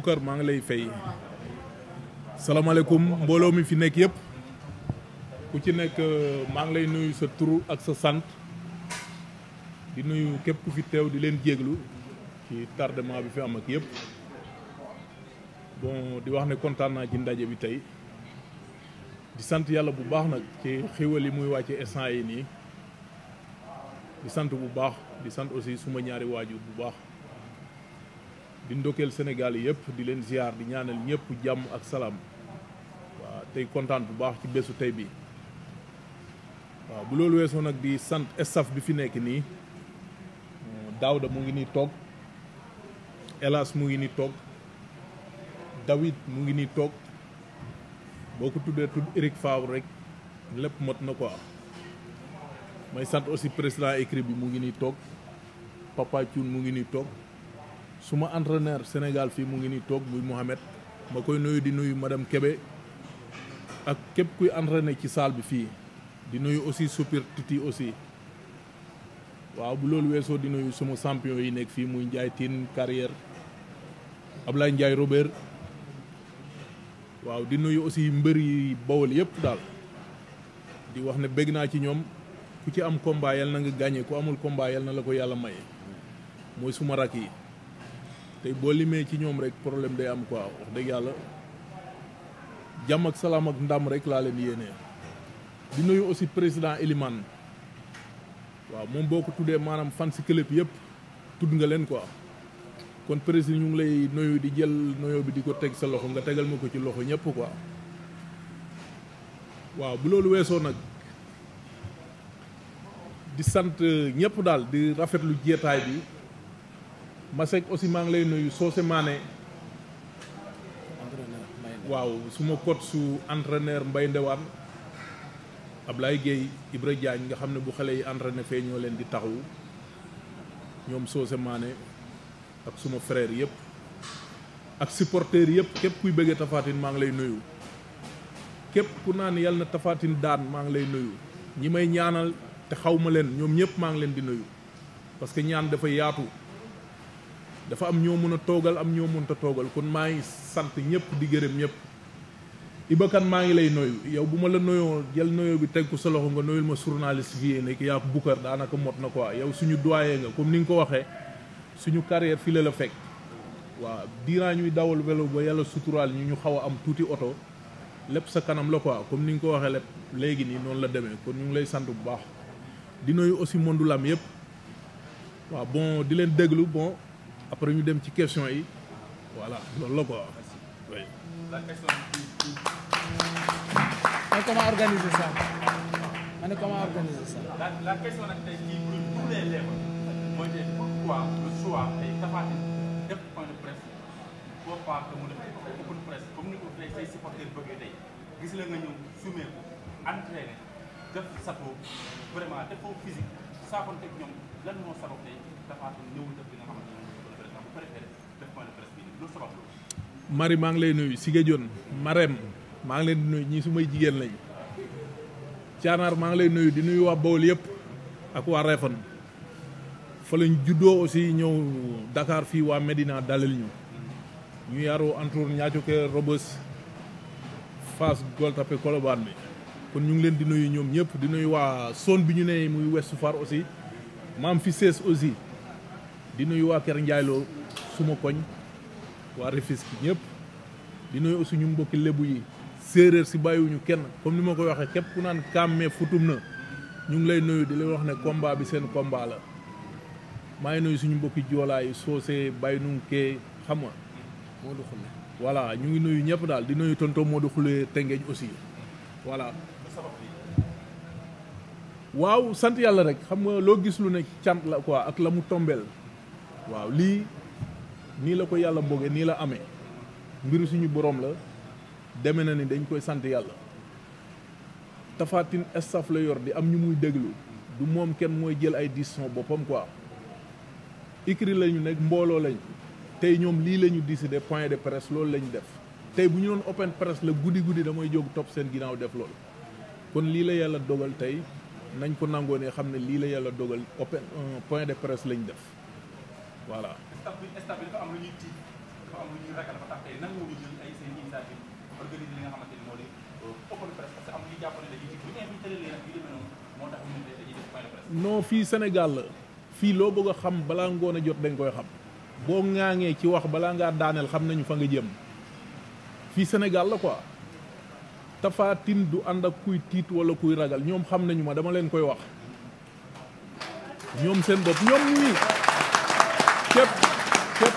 Boucar maa ngi lay fay salaamaaleykum mbooloo mi fi nekk yëpp ku ci nekk euh, maa ngi lay nuyu sa tur ak sa sant di nuyu képp ku fi teew di leen jéglu ci tardement bi fi am ak yëpp bon di wax ne kontaan naa ci ndaje bi tey di sant yàlla bu baax nag ci xéwal yi muy wàcce instant yi nii di sant bu baax di sant aussi suma ñaari waajur bu baax di ndokkeel Sénégal yëpp di leen ziar di ñaanal ñëpp jàmm ak salaam waaw tey kontaan bu baax ci bésu tey bi waaw bu loolu weesoo nag di sant staff bi fi nekk nii Daouda mu ngi nii toog Elas mu ngi nii toog David mu ngi nii toog boo ko tuddee tudd Eric Favre rek lépp mot na quoi may sant aussi président écrit bi mu ngi nii toog Papa Thioune mu ngi nii toog. suma entraîneur Sénégal fii mu ngi nii toog muy Mohamed ma koy nuyu di nuyu madame Kébé ak képp kuy entraîné ci saal bi fii di nuyu aussi Super Titi aussi waaw bu loolu weesoo di nuyu suma champion yi nekk fii muy Ndiaye Tine carrière Ablaye Ndiaye Robert waaw di nuyu aussi mbër yi Bawol yëpp daal di wax ne bégg naa ci ñoom ku ci am combat na nga gagné ku amul combat na la ko yàlla maye mooy suma rak yi. tey boo limee ci ñoom rek problème day am quoi wax dëgg yàlla jàmm ak salaam ak ndam rek laa leen yéenee di nuyu aussi président Elimane waaw moom boo ko tuddee maanaam fan si club yëpp tudd nga leen quoi kon président ñu ngi lay nuyu di jël noyoo bi di ko teg sa loxo nga tegal ma ko ci loxo ñëpp quoi waaw bu loolu weesoo nag di sant ñëpp daal di rafetlu jeetaay bi. Masek aussi maa ngi lay nuyu Socé Mané waaw suma coach su entraîneur Mbaye Ndewane Ablaye Gueye Ibra Diagne nga xam ne bu xale yi entraîné fee ñoo leen di taxawu ñoom Socé Mané ak suma frère yëpp ak supporters yëpp képp kuy bëggee Tapha Tine maa ngi lay nuyu képp ku naan yàlla na Tapha daan maa ngi lay nuyu ñi may ñaanal te xaw ma leen ñoom ñëpp maa ngi leen di nuyu parce ñaan dafa yaatu dafa am ñoo mën a toogal am ñoo mënta toogal kon maa ngi sant ñëpp di gërëm ñëpp Iba Kane maa ngi lay noyu yow bu ma la noyoo jël noyo bi teg ko sa loxo nga noyul ma journaliste fii nekk yaa ko Boucar daanaka mot na ko quoi yow suñu doyen nga comme ni nga ko waxee suñu carrière fii la la fekk waaw diiraa ñuy dawal vélo ba yàlla suturaal ñu ñu xaw a am tuuti oto lépp sa kanam la quoi comme ni nga ko waxee lépp léegi nii noonu la demee kon ñu ngi lay sant bu baax di noyu aussi monde lam déglu bon après ñu dem ci question yi voilà loolu la quoi oui. la question mais comment organiser ça ma ne comment organiser ça. la la question nag tey jii pour pour les lèvres mooy tey pourquoi le choix ay Tapha Tine def point de presse boo faa ko mu def open presse comme ni ko tey say supporters bëggee tey gis la nga ñëw sumé ko entraîné def sa bopp vraiment def ko physique saakoonteeg ñoom lan moo sabab tey Tapha Tine ñëwul def li nga xamante mari maa ngi lay nuyu Siga Dione Marème maa ngi leen di nuy ñii sumay jigéen lañ Caanaar maa ngi lay nuyu di nuy waa Bawol yëpp ak waa Réfane fa lañ juddoo aussi ñëw Dakar fii waa Medina dalal ñu ñu yaroo entour ñaacoke Robes Fass Gueule-Tapée bi kon ñu ngi leen di nuyu ñoom ñëpp di nuyu waa zone bi ñu ne muy Ouest Foire aussi maam fi sees aussi di nuyu waa Kër Ndiaye suma koñ waa Rufisque ñëpp di nuyu aussi ñu mbokki lebu yi séeréer si bàyyiwuñu kenn comme ni ma koy waxee képp ku naan kàmmee futum na ñu ngi lay nuyu di lay wax ne kombaa bi seen kombaa la maa ngi suñu mbokki joolaa yi soose bàyyi nu kee xam nga moo du ñu ngi nuyu ñëpp daal di nuyu tonton moo du xule aussi voilà waaw sant yàlla rek xam nga loo gis lu ne cant la quoi ak la mu tombeel waaw lii nii la ko yàlla mbooge nii la amee mbiru suñu borom la deme na ni dañ koy sant yàlla tafaatin estaf la yor di am ñu muy déglu du moom kenn mooy jël ay décision boppam quoi ikri la ñu nekk mbooloo lañ tey ñoom lii la ñu décidé point de presse loolu la ñu def tey bu ñu doon open presse la guddi guddi damay jóg topp seen ginnaaw def loolu kon lii la yàlla dogal tey nañ ko nangoo ne xam ne lii la yàlla dogal open euh, point de presse lañ def voilà. staff euh, fii Sénégal la fii loo bëgg a xam balaa ngoon a jot dañ koy xam boo ŋaaŋee ci wax balaa ngaa daaneel xam nañu fa nga jëm fii Sénégal la quoi tafaatin du ànd ak kuy tiit wala kuy ragal ñoom xam nañu ma dama leen koy wax ñoom seen bopp ñoom ñii. képp képp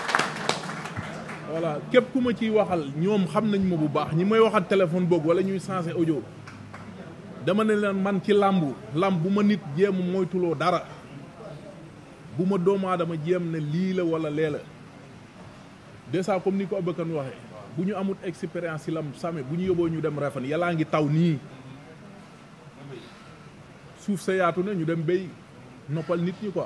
voilà képp ku ma ciy waxal ñoom xam nañ ma bu baax ñi may waxal téléphone boog wala ñuy changé audio dama ne la man ci làmb làmb bu ma nit jéem moytuloo dara bu ma doom aadama jéem ne lii la wala lee la dèjà comme ni ko Abakan waxe bu ñu amut expérience ci làmb same bu ñu yóbboo ñu dem refan yàllaa ngi taw nii suuf sa yaatu ne ñu dem béy noppal nit ñi quoi.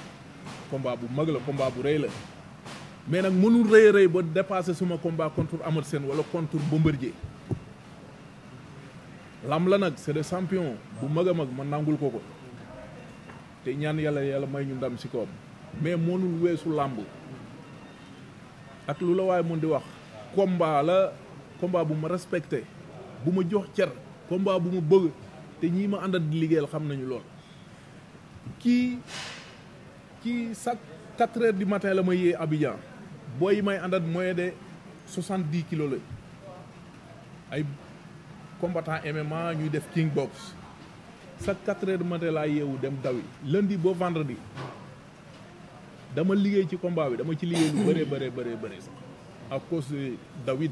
combat bu mag la combat bu rëy la mais nag mënul rëy a rëy ba dépassé suma combat contre Amat Sène wala contre Bombardier lam la nag c'est le champion bu mag a mag ma nangul ko ko te ñaan yàlla yàlla may ñu ndam si kawam mais mënul weesu làmb ak lu la waaye mun di wax combat la combat bu ma respecté bu ma jox cer combat bu ma bëgg te ñii ma àndat di liggéeyal xam nañu lool kii kii chaque quatre heures du matin la ma yee Abidjan booy yi may àndat moyen de soixante dix kilos lañ ay combattant ñuy def king box chaque quatre heures du matin yeewu dem dawi lundi ba vendredi dama liggéey ci combat bi dama ci liggéey lu bëree bëree bëree bëri sax de David.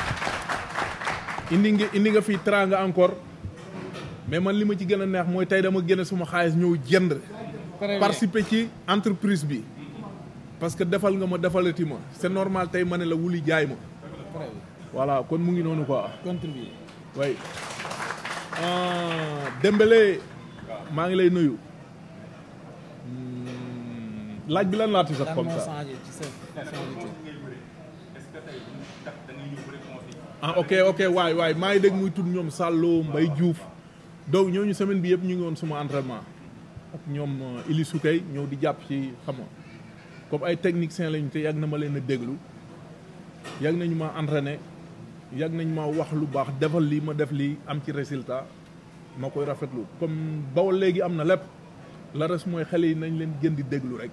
indi nga indi nga fii teraanga encore mais man li ma ci gën a neex mooy tey dama génne suma xaalis ñëw jënd participer ci entreprise bi parce que defal nga ma defalati ma c'est normal tey ma ne la wuli jaay ma voilà kon mu ngi noonu quoi contribuer way ah, Dembélé maa ngi lay nuyu hmm, laaj bi lan laati sax comme ça ah ok ok waay waay maa ngi dégg muy tudd ñoom Sàllo Mbay Juuf ñoo ñu semaine bi yëpp ñu ngi woon suma entraînement ak ñoom euh, Ili Soukay ñëw di jàpp ci xam nga comme ay techniciens lañu te yàgg na ma leen a déglu yàgg nañu ma entraîné yàgg nañu ma wax lu baax defal lii ma def lii am ci résultat ma koy rafetlu comme Bawol léegi am na lépp la res mooy xale yi nañ leen gën di déglu rek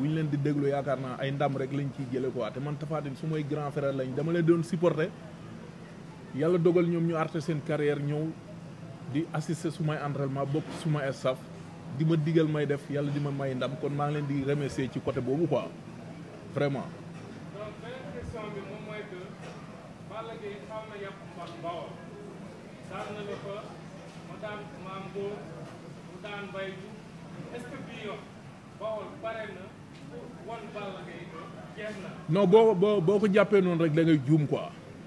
bu ñu leen di déglu yaakaar naa ay ndam rek lañ ciy jëlee quoi te man Tapha su may grand lañ dama leen doon supporter. yàlla dogal ñoom ñu arrêté seen carrière ñëw di assister su may entraînement bokk su may staff di ma digal may def yàlla di ma may ndam kon maa ngi leen di remercier ci côté boobu quoi vraiment. donc beneen question bi moom mooy que Balla Gaye xaw na yàpp mbaam Bawol daan fa mu daan maam Mbow mu daan Mbaye Diouf Bawol pare na won Balla Gaye jeex na. non boo boo boo ko jàppee noonu rek da ngay juum quoi.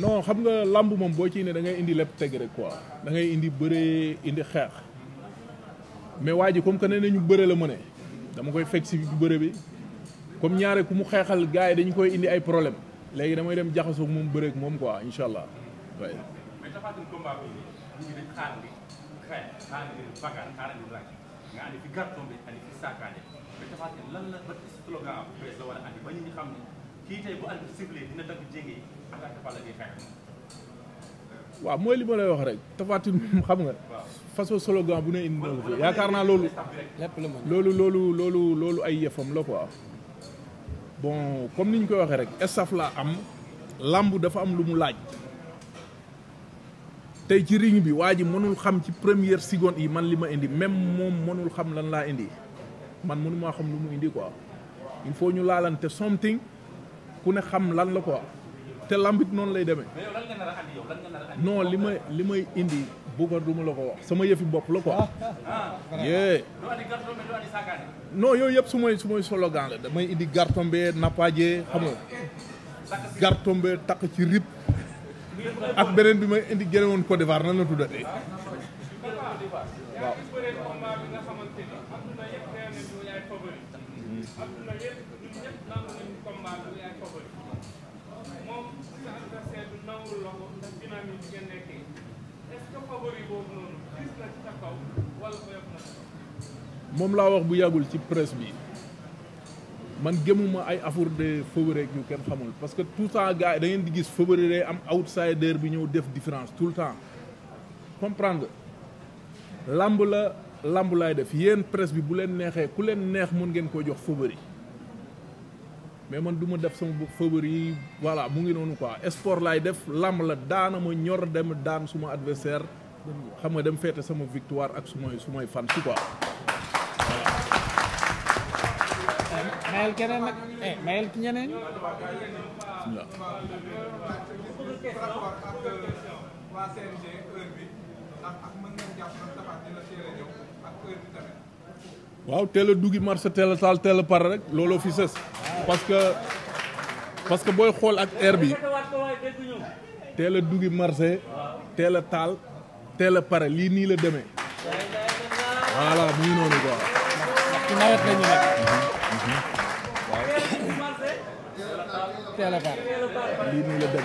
non xam nga làmb moom boo ci ne da ngay indi lépp teg rek quoi da indi bëree indi xeex mais waa ji comme que ne nañu bëre la mu ne dama koy fekk si bëre bi comme ñaare ku mu xeexal gars yi dañu koy indi ay problème léegi damay dem jaxasoo moom bëre ak moom quoi incha allah oui. mais la waaw mooy li ma lay wax rek Tapha Tine moom xam nga. façon slogan bu ne indi na ko yaakaar naa loolu. loolu loolu loolu loolu ay yëfam la quoi. bon comme niñ ñu koy waxee rek staff laa am. làmb dafa am lu mu laaj. tey ci ring bi waa ji mënul xam ci première seconde yi man li ma indi même moom mënul xam lan laa indi man mënu maa xam lu mu indi ko il faut ñu laalante something ku ne xam lan la quoi. te lambit noonu lay deme mais li may li may indi. Boucar du la ko wax sama yëfi bopp la quoi. Ah. yee. doo andi Garton mais doo andi Sakane. yooyu yëpp su may su may slogan la damay indi Garton bee nappaaje xam nga. Garton bee takk ci rip. ak beneen bi may indi génne woon Côte d'Ivoire nan la moom laa wax bu yàggul ci presse bi man gëmuma ay affaire de favori ak yu kenn xamul parce que tout le gars yi da ngeen di gis favori day am outsider bi ñëw def différence tout le temps comprendre lamb la làmb laay def yéen presse bi bu leen neexee ku leen neex mën ngeen ko jox favori mais man du ma def sama favori yi voilà mu ngi noonu quoi sport laay def lamb la daana ma ñor dem daan suma adversaire xam nga dem feete sama victoire ak su may su fan si quoi. Eh, ki ñeneen. waaw. waaw teel a duggi marché teel a saal a pare rek looloo fi sës. parce que parce que booy xool ak air bi teel a duggi marché teel a taal. teel pare lii nii la deme voilà muy noonu quoi. ndax ci nawet la mhm, mhm.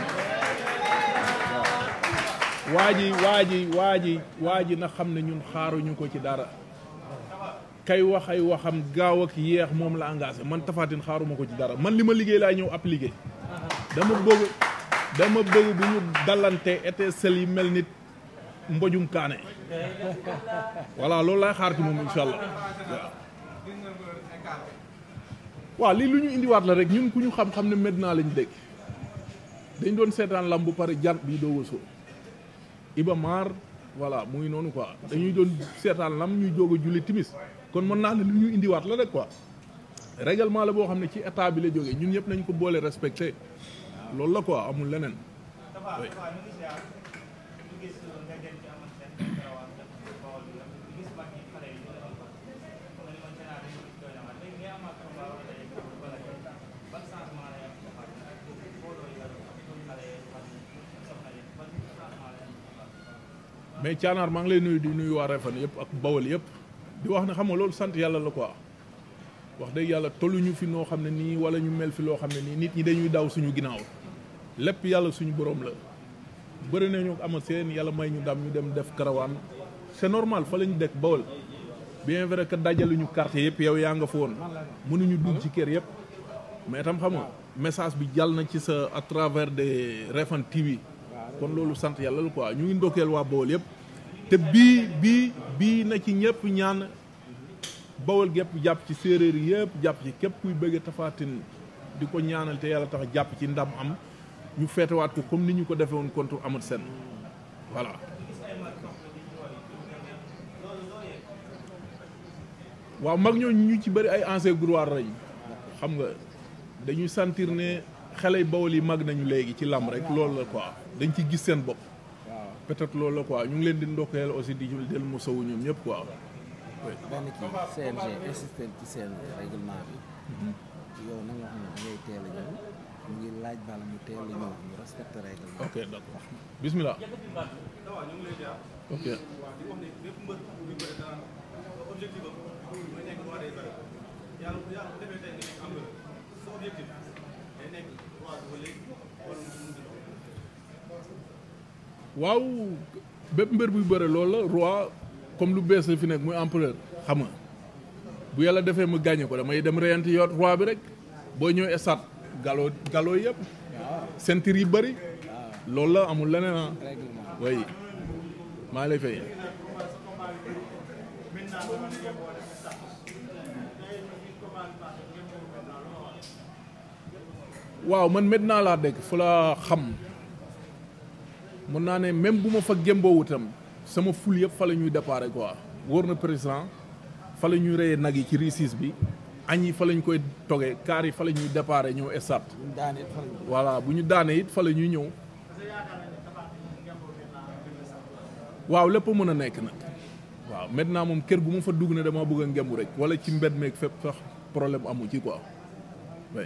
waa ji waa waa ji waa ji na xam ne ñun xaaruñu ko ci dara. kay waxay ay waxam gaaw ak yeex moom la engagé man tafaatin xaaruma ko ci dara man li ma liggéey laay ñëw appliqué dama bëgg dama bëgg bu ñu dalante étincelle yi mel nit mbojum kaane voilà loolu laay xaar ci moom incha allah waaw. lii lu ñu indiwaat la rek ñun ku ñu xam-xam ne Medina lañ dégg dañ doon seetaan lam bu pare jant bi doo wasoo Iba Mar voilà muy noonu quoi dañuy doon seetaan lamb ñuy jóg julli timis kon mën naa ne lu ñu indiwaat la rek quoi règlement la boo xam ne ci état bi la jógee ñun ñëpp nañ ko boole respecté loolu la quoi amul leneen. mais caanaar maa ngi lay nuyu di nuyu waa Réfane yëpp ak bawal yëpp di wax ne xam nga loolu sant yàlla la quoi wax dëgg yàlla ñu fi noo xam ne nii wala ñu mel fi loo xam ne nii nit ñi dañuy daw suñu ginnaaw lépp yàlla suñu boroom la bëri ñu ama seen yàlla may ñu ndam ñu dem def karawaan c'est normal fa la ñu dekk bawal bien vrai que dajaluñu quartier yëpp yow yaa nga fa woon mënuñu dugg ci kër yëpp mais tam xam message bi jàll na ci sa à travers des Réfane TV kon loolu sant yàlla la quoi ñu ngi yëpp te bii bii bii na ci ñëpp ñaan bawal gépp jàpp ci séeréer yëpp jàpp ci képp kuy bëgg Tapha Tine di ko ñaanal te yàlla tax jàpp ci ndam am ñu feetewaat ko comme ni ñu ko defee woon contre Amat Sen voilà waa mag ñooñu ñu ci bëri ay ancien gloire lañ xam nga dañuy sentir ne xale yu bawal yi mag nañu léegi ci làmb rek loolu la quoi dañ ci gis seen bopp peut lool loolu la quoi ñu ngi leen di ndokkeel aussi di del mosawu ñoom ñëpp quoi. benn kii CNG insisté ci seen règlement bi. yow na nga xam ne ngay teel a ñëw ñu laaj bala ñu teel a ñëw ñu respecté bismillah. ok. waaw bépp mbër buy bari loolu la roi comme lu bees la fi nekk muy empereur xam nga bu yàlla defee mu gàññe ko damay dem reyanti yoot roi bi rek boo ñëw esat galoo galoo yëpp ceinture yi bari loolu la amul leneen ah way maa lay waaw man maintenant laa dëkk fu la xam mën naa ne même bu ma fa gémboowu itam sama ful yëpp fa la ñuy déparé quoi wóor na président fa la ñuy reyee nag yi ci réussite bi añ yi fa la koy togee kaar yi fa la ñuy déparé ñëw estat voilà bu ñu daanee it fa la ñuy ñëw waaw lépp mën a nekk nag waaw maintenant moom kër gu ma fa dugg na dama bëgg a ngembu rek wala ci mbed meeg fépp sax problème amu ci quoi oui.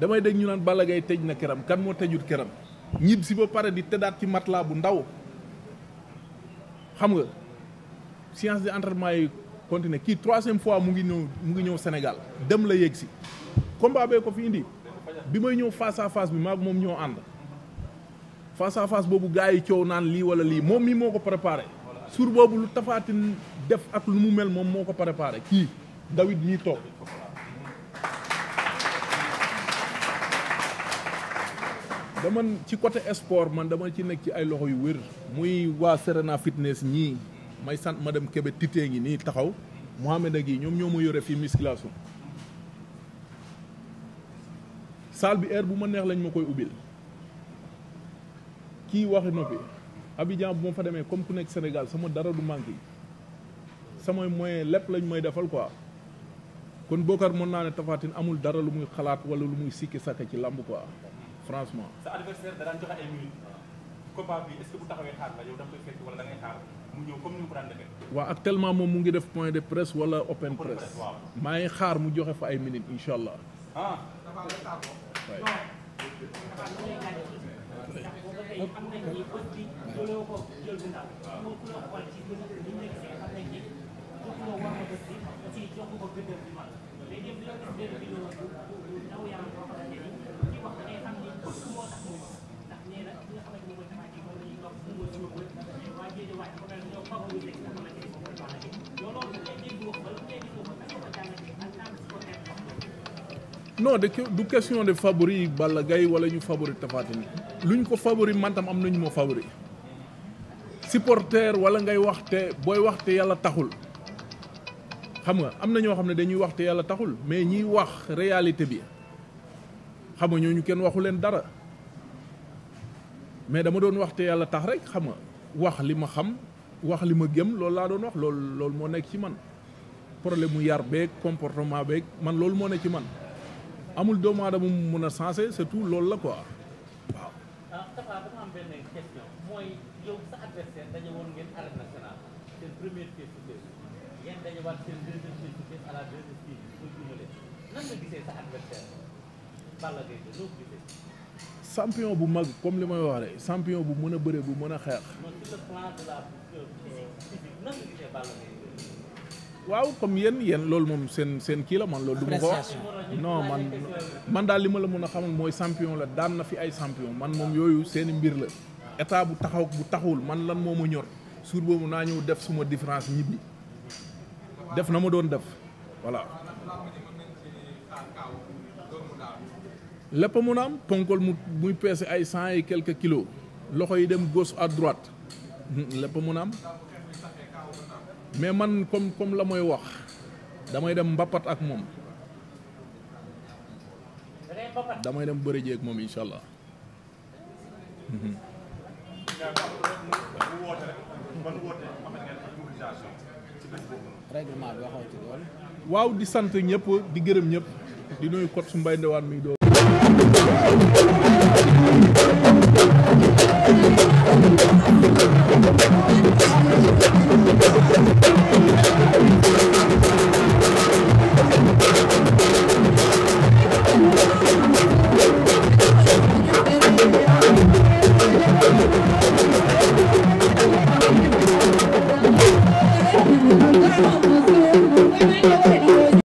damay dégg ñu naan Balla Gaye na këram kan moo tëjut këram ñib si ba pare di tëddaat ci matlaa bu ndaw xam nga séance d'entraînement yi continuer kii troisième fois mu ngi ñëw mu ngi ñëw Sénégal dem la yéeg si combat bee ko fi indi bi may ñëw face à bi maa moom ñoo ànd face à boobu gars yi coow naan lii wala lii moom mii moo ko préparé sur boobu lu tafaatin def ak lu mu mel moom moo ko préparé kii David ñuy toog dama ci côté sport man dama ci nekk ci ay loxo yu wér muy waa Serena fitness ñii may sant madame Kébé Tité ngi nii taxaw Mohamed ak yi ñoom ñoo ma yore fii musculation salle bi heure bu ma neex lañ ma koy ubbil kii waxi noppi Abidjan bu ma fa demee comme ku nekk Sénégal sama dara du yi samay moyen lépp lañ may defal quoi kon Bokar mën naa ne Tapha amul dara lu muy xalaat wala lu muy sikki sàkk ci làmb quoi franchement. sa adversaire da mu ñëw comme ni actuellement moom mu ngi def point de presse wala open press. maa ngi xaar mu joxe fa ay minutes incha allah. Ah. non de du question de favori Balla Gaye wala ñu favori Tapha lu ñu ko favori mantam am nañu moo favori supporter wala ngay waxte booy waxte yàlla taxul xam nga am na ñoo xam ne dañuy waxte yàlla taxul mais ñiy wax réalité bi xam nga ñoo ñu kenn waxu leen dara mais dama doon waxte yàlla tax rek xam nga wax li ma xam wax li ma gëm loolu laa doon wax loolu loolu moo nekk ci man problème mu yar beeg comportement beeg man loolu moo nekk ci man amul doomu aadama mu mun a sensé surtout loolu la quoi ah Tapha mooy yow sa adversaire daje woon ngeen arène nationale seen première pièce su fees ngeen dajewaat seen deuxième pièce su fees à la deuxième pièce pour jumale nan nga gisee sa adversaire Balla Gaye de loo gisee. champion bu mag comme li may wax bu mën a bëre bu mën a xeex. waaw comme yéen yéen loolu moom seen seen kii la man loolu du ko wax man man daal li ma la mën a xamal mooy champion la daan na fi ay champion man moom yooyu seeni mbir la état bu taxaw bu taxawul man lan moo ma ñor suur boobu naa ñëw def suma différence ñibbi def na ma doon def voilà lépp mun a am ponkol mu muy peese ay cent et quelques kilos loxo yi dem gauche à droite lépp mun a am mais man comme comme la mooy wax damay dem mbappat ak moom damay dem bëri jeeg moom incha allah. Mhm. règlement bi waaw di sant ñëpp di gërëm ñëpp di nuyu kot su mbay ndewaan mi doo